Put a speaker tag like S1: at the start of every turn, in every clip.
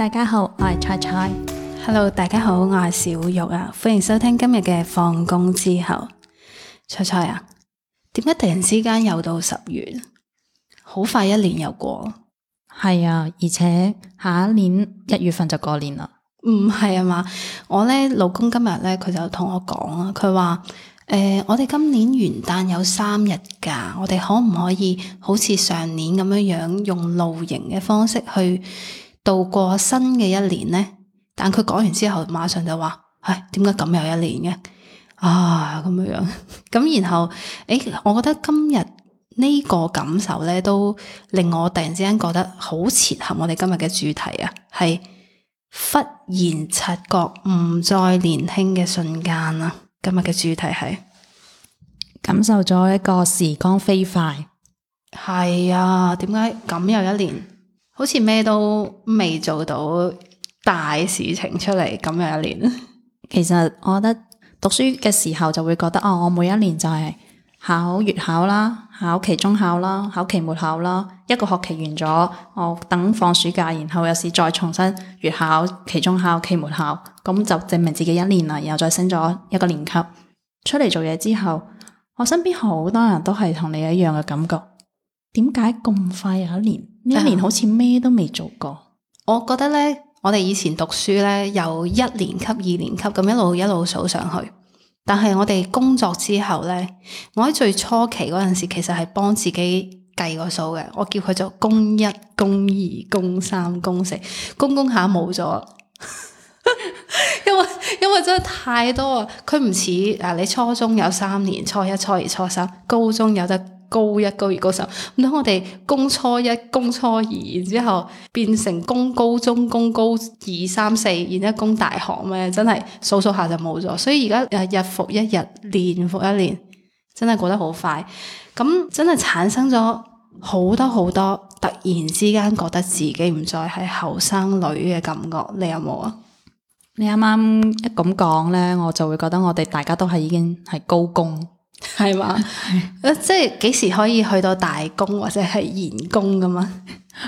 S1: 大家好，我係彩彩。Hello，大家好，我係小玉啊。歡迎收聽今日嘅放工之後，彩彩啊，點解突然之間又到十月，好快一年又過。係啊，而且下一年一月份就過年啦。唔係啊嘛，我呢老公今日呢佢就同我講啊，佢話誒，我哋今年元旦有三日假，我哋可唔可以好似上年咁樣樣用露營嘅方式去？度過新嘅一年咧，但佢講完之後，馬上就話：唉，點解咁又一年嘅？啊，咁樣樣。咁 然後，誒，我覺得今日呢個感受咧，都令我突然之間覺得好切合我哋今日嘅主題啊，係忽然察覺唔再年輕嘅瞬間啊。今日嘅主題係感受咗一個時光飛快。係啊，點解咁又一年？好似咩都未做到大事情出嚟咁樣一年。其實我覺得讀書嘅時候就會覺得哦，我每一年就係考月考啦、考期中考啦、考期末考啦，一個學期完咗，我等放暑假，然後有時再重新月考、期中考、期末考，咁就證明自己一年啦，然後再升咗一個年級。出嚟做嘢之後，我身邊好多人都係同你一樣嘅感覺，點解咁快又一年？呢、嗯、一年好似咩都未做過，我覺得咧，我哋以前讀書咧，由一年級、二年級咁一路一路數上去，但係我哋工作之後咧，我喺最初期嗰陣時，其實係幫自己計個數嘅，我叫佢做公一、公二、公三、公四，公公下冇咗， 因為因為真係太多啊，佢唔似誒你初中有三年，初一、初二、初三，高中有得。高一、高二嗰時候，唔通我哋攻初一、攻初二，然之後變成攻高中、攻高二、三四，然之後攻大學咩？真係數數下就冇咗。所以而家日復一日，年復一年，真係過得好快。咁真係產生咗好多好多，突然之間覺得自己唔再係後生女嘅感覺。你有冇啊？你啱啱咁講呢，我就會覺得我哋大家都係已經係高工。係嘛？誒，即係幾時可以去到大工或者係賢工咁嘛？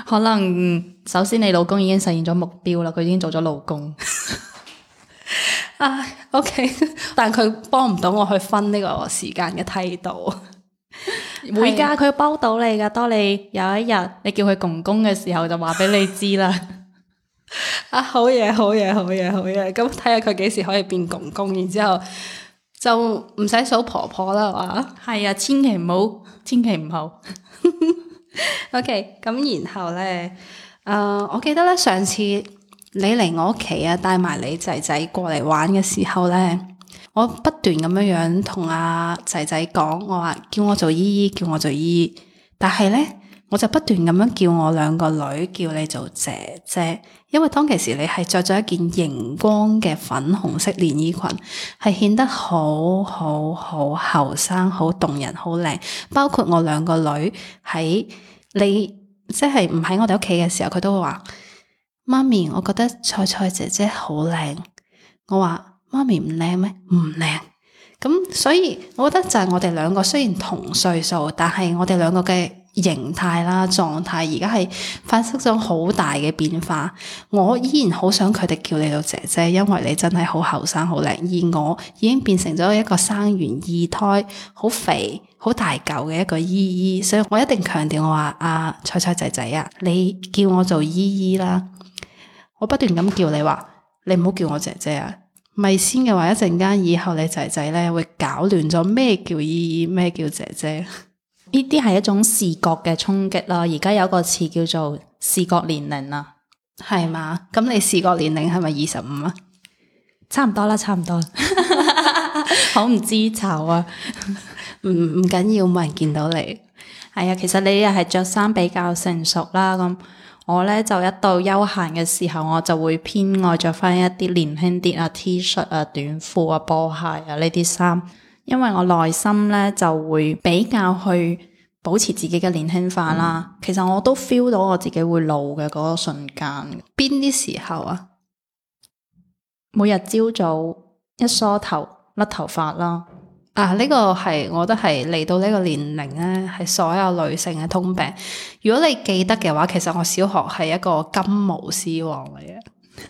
S1: 可能、嗯、首先你老公已經實現咗目標啦，佢已經做咗老公。 啊，OK，但佢幫唔到我去分呢個時間嘅梯度。 每家佢幫到你噶。當你有一日你叫佢公公嘅時候就，就話俾你知啦。啊，好嘢，好嘢，好嘢，好嘢！咁睇下佢幾時可以變公公，然之後。就唔使數婆婆啦，係啊，千祈唔好，千祈唔好。 OK，咁然後咧，誒、呃，我記得咧，上次你嚟我屋企啊，帶埋你仔仔過嚟玩嘅時候咧，我不斷咁樣樣同阿仔仔講，我話叫我做姨姨，叫我做姨姨。」但係咧。我就不斷咁樣叫我兩個女叫你做姐姐，因為當其時你係着咗一件熒光嘅粉紅色連衣裙，係顯得好好好後生、好動人、好靚。包括我兩個女喺你即係唔喺我哋屋企嘅時候，佢都會話媽咪，我覺得蔡蔡姐姐好靚。我話媽咪唔靚咩？唔靚。咁，所以我覺得就係我哋兩個雖然同歲數，但係我哋兩個嘅。形態啦、狀態，而家係發生咗好大嘅變化。我依然好想佢哋叫你做姐姐，因為你真係好後生、好靚。而我已經變成咗一個生完二胎、好肥、好大嚿嘅一個姨姨，所以我一定強調我話：啊，彩彩仔仔啊，你叫我做姨姨啦！我不斷咁叫你話，你唔好叫我姐姐啊！咪先嘅話，一陣間以後你仔仔咧會搞亂咗咩叫姨姨，咩叫姐姐。呢啲係一種視覺嘅衝擊啦，而家有個詞叫做視覺年齡啦，係嘛？咁你視覺年齡係咪二十五啊？差唔多啦，差唔多。好唔知醜啊？唔唔緊要，冇人見到你。係啊， 其實你又係着衫比較成熟啦。咁我咧就一到休閒嘅時候，我就會偏愛着返一啲年輕啲啊 T 恤啊、短褲啊、波鞋啊呢啲衫。因為我內心咧就會比較去保持自己嘅年輕化啦。嗯、其實我都 feel 到我自己會老嘅嗰、嗰個瞬間。邊啲時候啊？每日朝早一梳頭甩頭髮啦。啊，呢、呢個係我覺得係嚟到呢個年齡咧，係所有女性嘅通病。如果你記得嘅話，其實我小學係一個金毛獅王嚟嘅。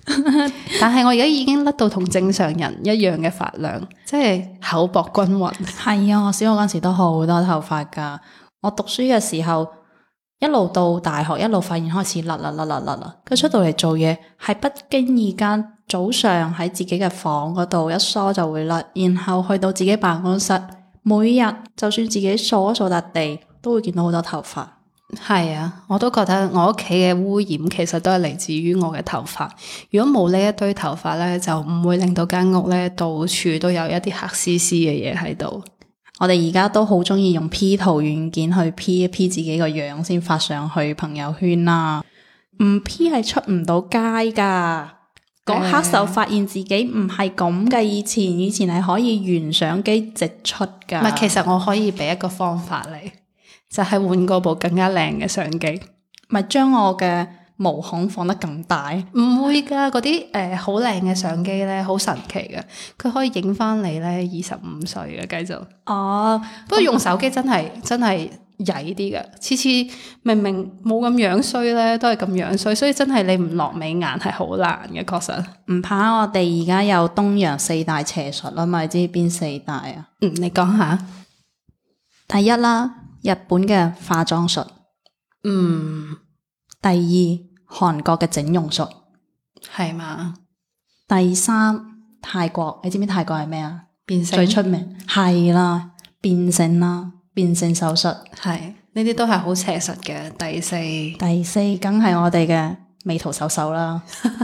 S1: 但係我而家已經甩到同正常人一樣嘅髮量，即係厚薄均勻。係啊， 我小學嗰時都好多頭髮噶，我讀書嘅時候一路到大學一路發現開始甩甩甩甩甩啦。佢出到嚟做嘢，係不經意間早上喺自己嘅房嗰度一梳就會甩，然後去到自己辦公室，每日就算自己掃一掃笪地，都會見到好多頭髮。係啊，我都覺得我屋企嘅污染其實都係嚟自於我嘅頭髮。如果冇呢一堆頭髮咧，就唔會令到間屋咧到處都有一啲黑絲絲嘅嘢喺度。我哋而家都好中意用 P 圖軟件去 P 一 P, P 自己個樣先發上去朋友圈啦。唔 P 係出唔到街噶。講的黑就發現自己唔係咁嘅，以前以前係可以原相機直出噶。唔係，其實我可以俾一個方法嚟。就係換過部更加靚嘅相機，咪將我嘅毛孔放得更大。唔會噶，嗰啲誒好靚嘅相機咧，好神奇嘅，佢可以影翻你咧二十五歲嘅。繼續哦，不過、哦、用手機真係、嗯、真係曳啲噶，次次明明冇咁樣衰咧，都係咁樣衰。所以真係你唔落美顏係好難嘅，確實。唔怕我哋而家有東洋四大邪術啊嘛？知邊四大啊？嗯，你講下，第一啦。日本嘅化妝術，嗯，第二韓國嘅整容術，係嘛嗎？第三泰國，你知唔知泰國係咩啊？變性最出名係啦，變性啦，變性手術，係呢啲都係好邪術嘅。第四，第四梗係我哋嘅美圖秀秀啦。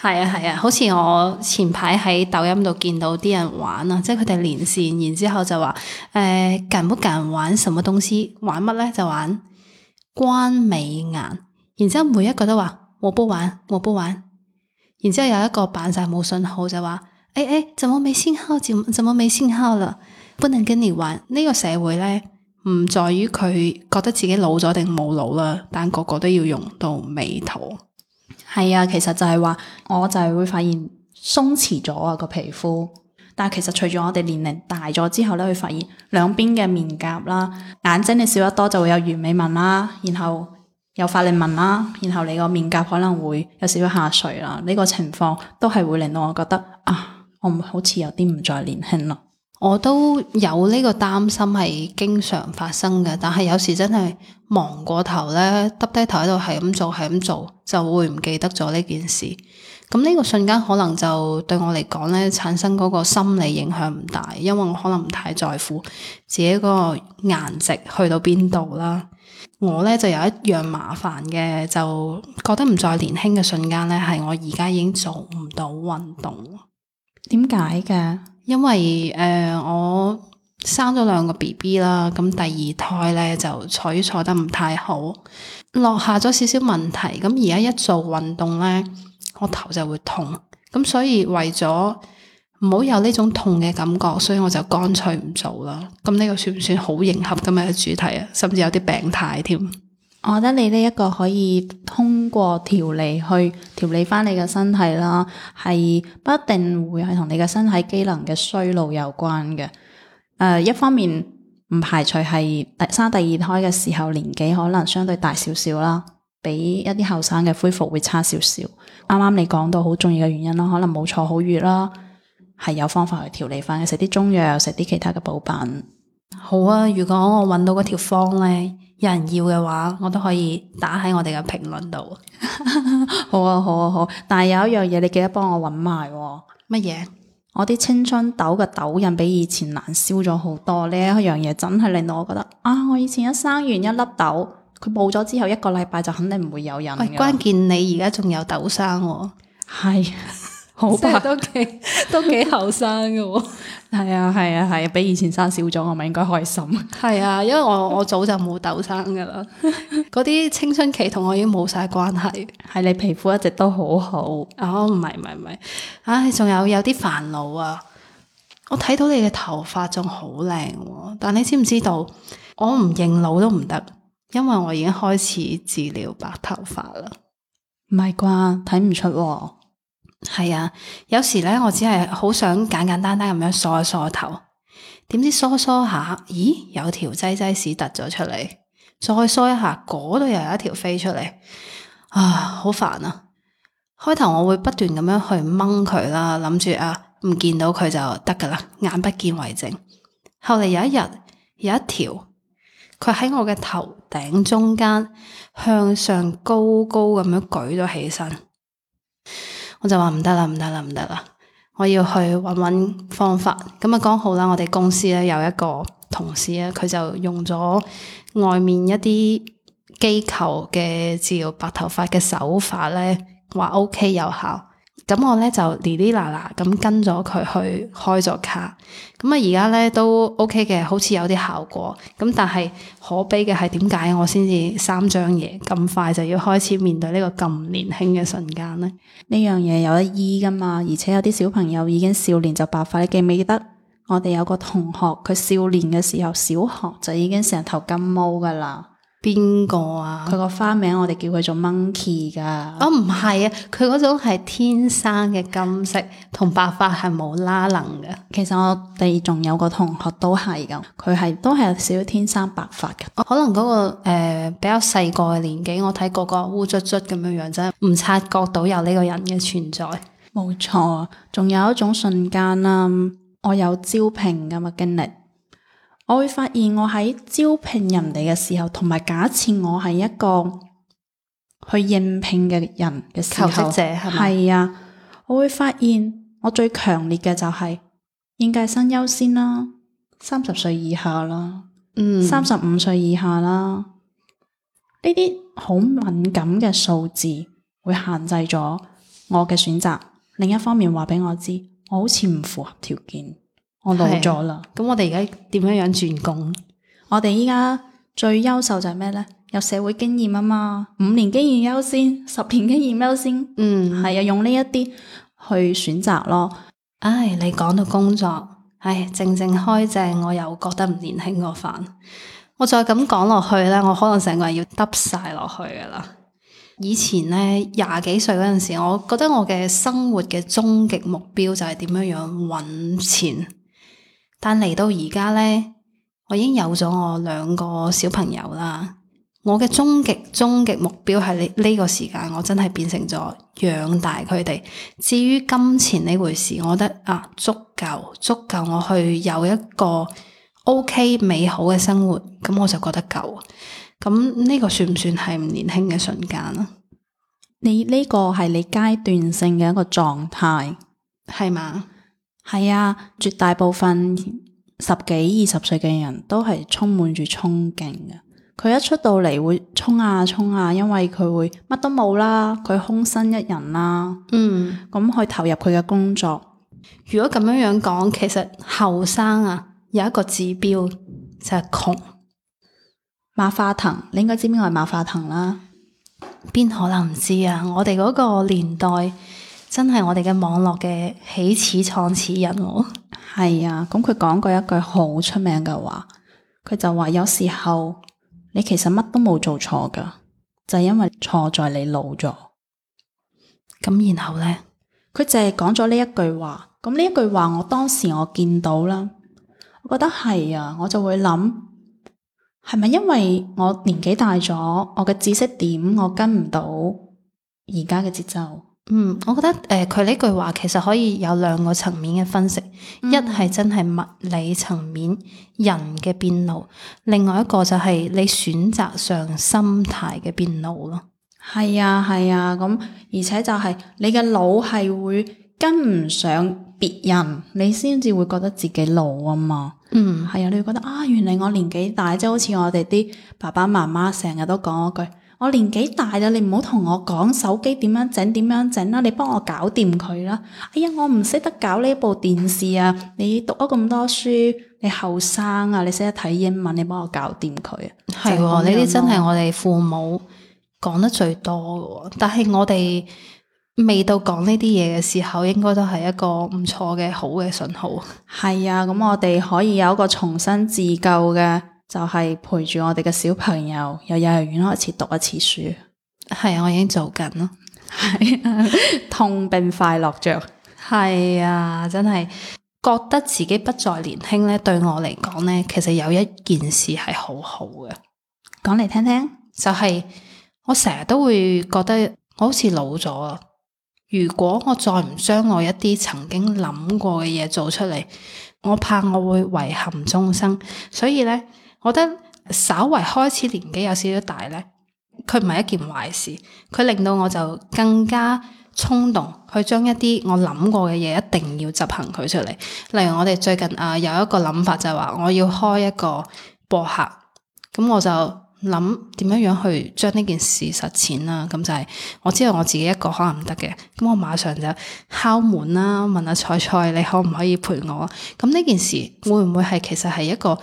S1: 係啊係啊，好似我前排喺抖音度見到啲人玩啊，即係佢哋連線，然之後就話誒，敢不敢玩什麼東西？玩乜咧？就玩關美顏，然之後每一個都話我不玩我不玩，然之後有一個扮晒冇信號就話誒誒，怎麼沒信號？怎怎麼沒信號了？不能跟你玩。呢、這個社會咧唔在於佢覺得自己老咗定冇老啦，但個個都要用到美圖。係啊，其實就係話，我就係會發現鬆弛咗啊個皮膚。但係其實隨住我哋年齡大咗之後咧，會發現兩邊嘅面頰啦、眼睛你笑得多就會有魚尾紋啦，然後有法令紋啦，然後你個面頰可能會有少少下垂啦。呢個情況都係會令到我覺得啊，我唔好似有啲唔再年輕咯。我都有呢個擔心係經常發生嘅，但係有時真係忙過頭咧，耷低頭喺度係咁做，係咁做就會唔記得咗呢件事。咁呢個瞬間可能就對我嚟講咧，產生嗰個心理影響唔大，因為我可能唔太在乎自己嗰個顏值去到邊度啦。我咧就有一樣麻煩嘅，就覺得唔再年輕嘅瞬間咧，係我而家已經做唔到運動。點解嘅？因為誒、呃、我生咗兩個 BB 啦，咁第二胎咧就坐坐得唔太好，落下咗少少問題。咁而家一做運動咧，我頭就會痛。咁所以為咗唔好有呢種痛嘅感覺，所以我就乾脆唔做啦。咁呢個算唔算好迎合今日嘅主題啊？甚至有啲病態添。我覺得你呢一個可以通過調理去調理翻你嘅身體啦，係不一定會係同你嘅身體機能嘅衰老有關嘅。誒、呃，一方面唔排除係生第二胎嘅時候年紀可能相對大少少啦，比一啲後生嘅恢復會差少少。啱啱你講到好重要嘅原因啦，可能冇坐好月啦，係有方法去調理翻，食啲中藥，食啲其他嘅補品。好啊，如果我揾到嗰條方咧～有人要嘅話，我都可以打喺我哋嘅評論度。好啊，好啊，好！但係有一樣嘢，你記得幫我揾埋喎。乜嘢麼？我啲青春痘嘅痘印比以前難消咗好多。呢一樣嘢真係令到我覺得啊！我以前一生完一粒痘，佢冇咗之後一個禮拜就肯定唔會有印嘅。喂，關鍵你而家仲有痘生喎。係是。 即係都幾 都幾後生嘅，係 啊係啊係，比以前生少咗，我咪應該開心。係啊，因為我 我早就冇痘生噶啦，嗰 啲青春期同我已經冇晒關係。係你皮膚一直都好好。哦唔係唔係唔係，唉仲、啊、有有啲煩惱啊！我睇到你嘅頭髮仲好靚，但你知唔知道我唔認老都唔得，因為我已經開始治療白頭髮啦。唔係啩？睇唔出。係啊，有時咧，我只係好想簡簡單單咁樣梳一梳頭，點知梳梳下，咦，有條擠擠屎突咗出嚟，再梳一下，嗰度又有一條飛出嚟，啊，好煩啊！開頭我會不斷咁樣去掹佢啦，諗住啊，唔見到佢就得噶啦，眼不見為淨。後嚟有一日，有一條，佢喺我嘅頭頂中間向上高高咁樣舉咗起身。我就話唔得啦，唔得啦，唔得啦！我要去揾揾方法。咁啊，剛好啦，我哋公司咧有一個同事咧，佢就用咗外面一啲機構嘅治療白頭髮嘅手法咧，話 OK 有效。咁我咧就哩哩啦啦咁跟咗佢去開咗卡，咁啊而家咧都 OK 嘅，好似有啲效果。咁但係可悲嘅係點解我先至三張嘢，咁快就要開始面對呢個咁年輕嘅瞬間咧？呢樣嘢有得醫噶嘛？而且有啲小朋友已經少年就白髮，你記唔記得我哋有個同學佢少年嘅時候，小學就已經成頭金毛噶啦。邊個啊？佢個花名我哋叫佢做 monkey 㗎。哦，唔係啊，佢嗰種係天生嘅金色，同白髮係冇拉楞嘅。其實我哋仲有個同學都係咁，佢係都係有少少天生白髮嘅。哦、可能嗰、嗰個誒、呃、比較細個嘅年紀，我睇個個烏卒卒咁樣樣，真係唔察覺到有呢個人嘅存在。冇錯，仲有一種瞬間啦，我有招聘咁嘅經歷。我會發現，我喺招聘人哋嘅時候，同埋假設我係一個去應聘嘅人嘅時候，求職者係咪？係啊，我會發現我最強烈嘅就係應屆生優先啦，三十歲以下啦，嗯，三十五歲以下啦，呢啲好敏感嘅數字會限制咗我嘅選擇。另一方面，話俾我知，我好似唔符合條件。我老咗啦，咁的我哋而家點樣樣轉工？我哋依家最優秀就係咩呢？有社會經驗啊嘛，五年經驗優先，十年經驗優先，嗯，係啊，用呢一啲去選擇咯。唉、哎，你講到工作，唉、哎，正正開正，嗯、我又覺得唔年輕個份。我再咁講落去呢，我可能成個人要耷晒落去噶啦。以前呢，廿幾歲嗰陣時，我覺得我嘅生活嘅終極目標就係點樣樣揾錢。但嚟到而家咧，我已經有咗我兩個小朋友啦。我嘅終極終極目標係呢呢個時間，我真係變成咗養大佢哋。至於金錢呢回事，我覺得啊，足夠足夠我去有一個 OK 美好嘅生活，咁我就覺得夠。咁呢個算唔算係唔年輕嘅瞬間啊？你呢、這個係你階段性嘅一個狀態，係嘛？係啊，絕大部分十幾二十歲嘅人都係充滿住憧憬嘅。佢一出到嚟會衝啊衝啊，因為佢會乜都冇啦，佢空身一人啦。嗯，咁去投入佢嘅工作。如果咁樣樣講，其實後生啊有一個指標就係窮。馬化騰，你應該知邊個係馬化騰啦？邊可能唔知啊？我哋嗰個年代。真係我哋嘅網絡嘅起始創始人喎。係啊，咁佢講過一句好出名嘅話，佢就話：有時候你其實乜都冇做錯噶，就係因為錯在你老咗。咁然後咧，佢就係講咗呢一句話。咁呢一句話，我當時我見到啦，我覺得係啊，我就會諗，係咪因為我年紀大咗，我嘅知識點我跟唔到而家嘅節奏？嗯，我覺得誒佢呢句話其實可以有兩個層面嘅分析，嗯、一係真係物理層面人嘅變老，另外一個就係你選擇上心態嘅變老咯。係啊，係啊，咁、嗯、而且就係你嘅腦係會跟唔上別人，你先至會覺得自己老啊嘛。嗯，係啊，你會覺得啊，原來我年紀大，即係好似我哋啲爸爸媽媽成日都講一句。我年紀大啦，你唔好同我講手機點樣整點樣整啦，你幫我搞掂佢啦。哎呀，我唔識得搞呢部電視啊！你讀咗咁多書，你後生啊，你識得睇英文，你幫我搞掂佢啊！係喎，呢啲真係我哋父母講得最多㗎。但係我哋未到講呢啲嘢嘅時候，應該都係一個唔錯嘅好嘅信號。係 啊，咁我哋可以有一個重新自救嘅。就係陪住我哋嘅小朋友，由幼兒園開始讀一次書。係啊，我已經做緊咯。係 痛並快樂着。係啊，真係覺得自己不再年輕咧。對我嚟講咧，其實有一件事係好好嘅，講嚟聽聽。就係、是、我成日都會覺得我好似老咗。啊。如果我再唔將我一啲曾經諗過嘅嘢做出嚟，我怕我會遺憾終生。所以咧。我覺得稍為開始年紀有少少大咧，佢唔係一件壞事，佢令到我就更加衝動去將一啲我諗過嘅嘢一定要執行佢出嚟。例如我哋最近啊有一個諗法就係話我要開一個博客，咁我就諗點樣樣去將呢件事實踐啦。咁就係我知道我自己一個可能唔得嘅，咁我馬上就敲門啦，問阿菜菜你可唔可以陪我？咁呢件事會唔會係其實係一個？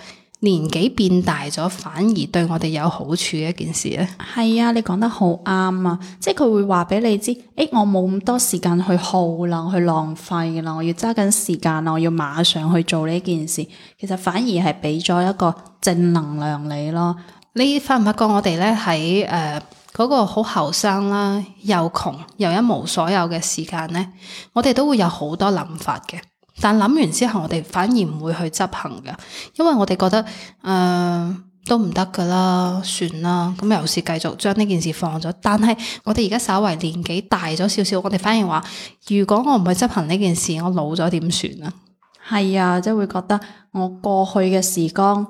S1: 年紀變大咗，反而對我哋有好處嘅一件事咧，係啊！你講得好啱啊！即係佢會話俾你知，誒、欸，我冇咁多時間去耗啦，去浪費嘅啦，我要揸緊時間啦，我要馬上去做呢件事。其實反而係俾咗一個正能量你咯。你發唔發覺我哋咧，喺誒嗰個好後生啦，又窮又一無所有嘅時間咧，我哋都會有好多諗法嘅。但諗完之後，我哋反而唔會去執行嘅，因為我哋覺得誒、呃、都唔得噶啦，算啦，咁又是繼續將呢件事放咗。但係我哋而家稍為年紀大咗少少，我哋反而話，如果我唔去執行呢件事，我老咗點算啊？係啊，即係會覺得我過去嘅時光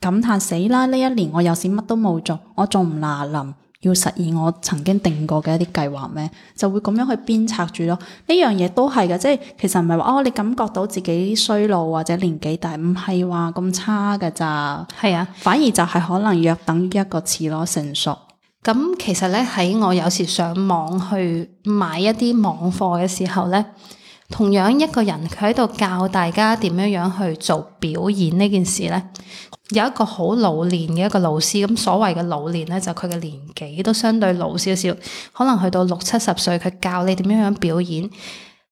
S1: 感嘆死啦，呢一年我又是乜都冇做，我仲唔嗱臨？要實現我曾經定過嘅一啲計劃咩？就會咁樣去鞭策住咯。呢樣嘢都係嘅，即係其實唔係話哦，你感覺到自己衰老或者年紀大，唔係話咁差嘅咋。係啊，反而就係可能約等於一個詞咯，成熟。咁、嗯、其實咧，喺我有時上網去買一啲網貨嘅時候咧。同樣一個人佢喺度教大家點樣樣去做表演呢件事呢，有一個好老練嘅一個老師。咁所謂嘅老練呢，就佢嘅年紀都相對老少少，可能去到六七十歲，佢教你點樣樣表演，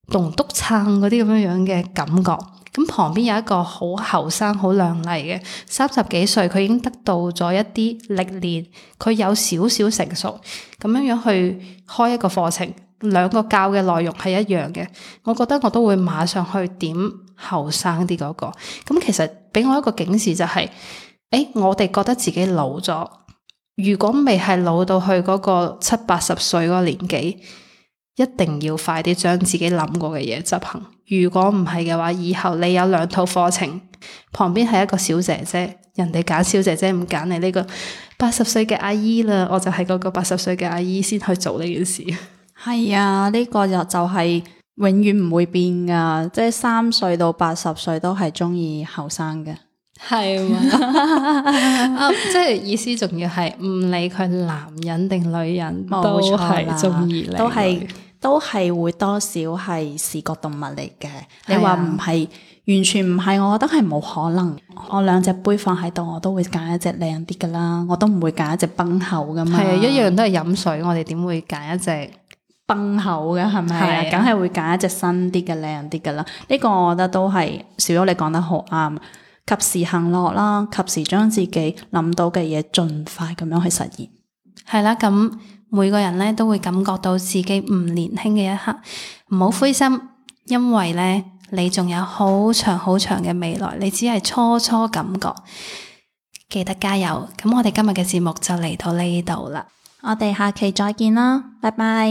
S1: 棟篤撐嗰啲咁樣樣嘅感覺。咁旁邊有一個好後生、好亮麗嘅三十幾歲，佢已經得到咗一啲歷練，佢有少少成熟咁樣樣去開一個課程。兩個教嘅內容係一樣嘅，我覺得我都會馬上去點後生啲嗰個咁。其實俾我一個警示就係，誒，我哋覺得自己老咗，如果未係老到去嗰個七八十歲嗰個年紀，一定要快啲將自己諗過嘅嘢執行。如果唔係嘅話，以後你有兩套課程，旁邊係一個小姐姐，人哋揀小姐姐唔揀你呢個八十歲嘅阿姨啦。我就係嗰個八十歲嘅阿姨先去做呢件事。係啊，呢、呢個又就係永遠唔會變噶，即係三歲到八十歲都係中意後生嘅，係是啊， 啊，即係意思仲要係唔理佢男人定女人，都係中意你，都係都係會多少係視覺動物嚟嘅。啊、你話唔係完全唔係，我覺得係冇可能。我兩隻杯放喺度，我都會揀一隻靚啲噶啦，我都唔會揀一隻崩口噶嘛。係、啊、一樣都係飲水，我哋點會揀一隻？崩口嘅係咪？係啊，梗係會揀一隻新啲嘅靚啲嘅啦。呢、這個我覺得都係小優你講得好啱，及時行樂啦，及時將自己諗到嘅嘢盡快咁樣去實現。係啦、啊、咁、嗯、每個人咧都會感覺到自己唔年輕嘅一刻，唔好灰心，因為咧你仲有好長好長嘅未來，你只係初初感覺。記得加油！咁我哋今日嘅節目就嚟到呢度啦，我哋下期再見啦，拜拜。